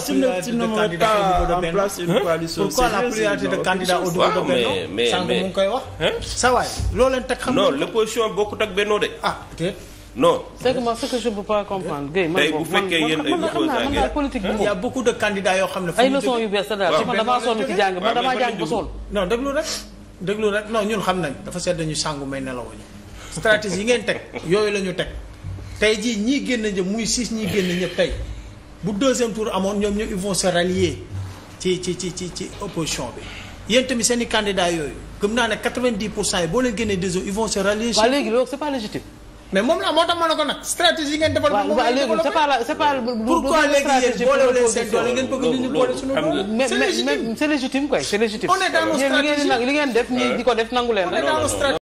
s'il ne met pas koy wax sa waay loolu leen teg xam non l'opposition bokkut ak Benno de ah peut-être non c'est que moi ce de candidats yoo xam ne ay leçons yu bees daal man damaa sonn ci jàng man damaa jàng xam nañ dafa seet dañu sàngu may nelawuñu stratégie yi ngeen teg yooyu lañu ñu teg tey jii ñii génn ñëpp muy siis ñii génn ñëpp tey bu deuxième tour amoon ñoom ñoom ils rallier ci ci ci ci ci opposition bi yéen tamit seen i candidats yooyu gëm naa ne 90 pour cent yi boo leen génnee deux ils rallier. waaw léegi loolu moom la moo tax ma ne ko nag stratégie ngeen defal. waaw waaw léegi c'est pas la c'est pas la. pourquoi léegi yéen boole leen li ngeen def ñi di ko def nangu leen rek.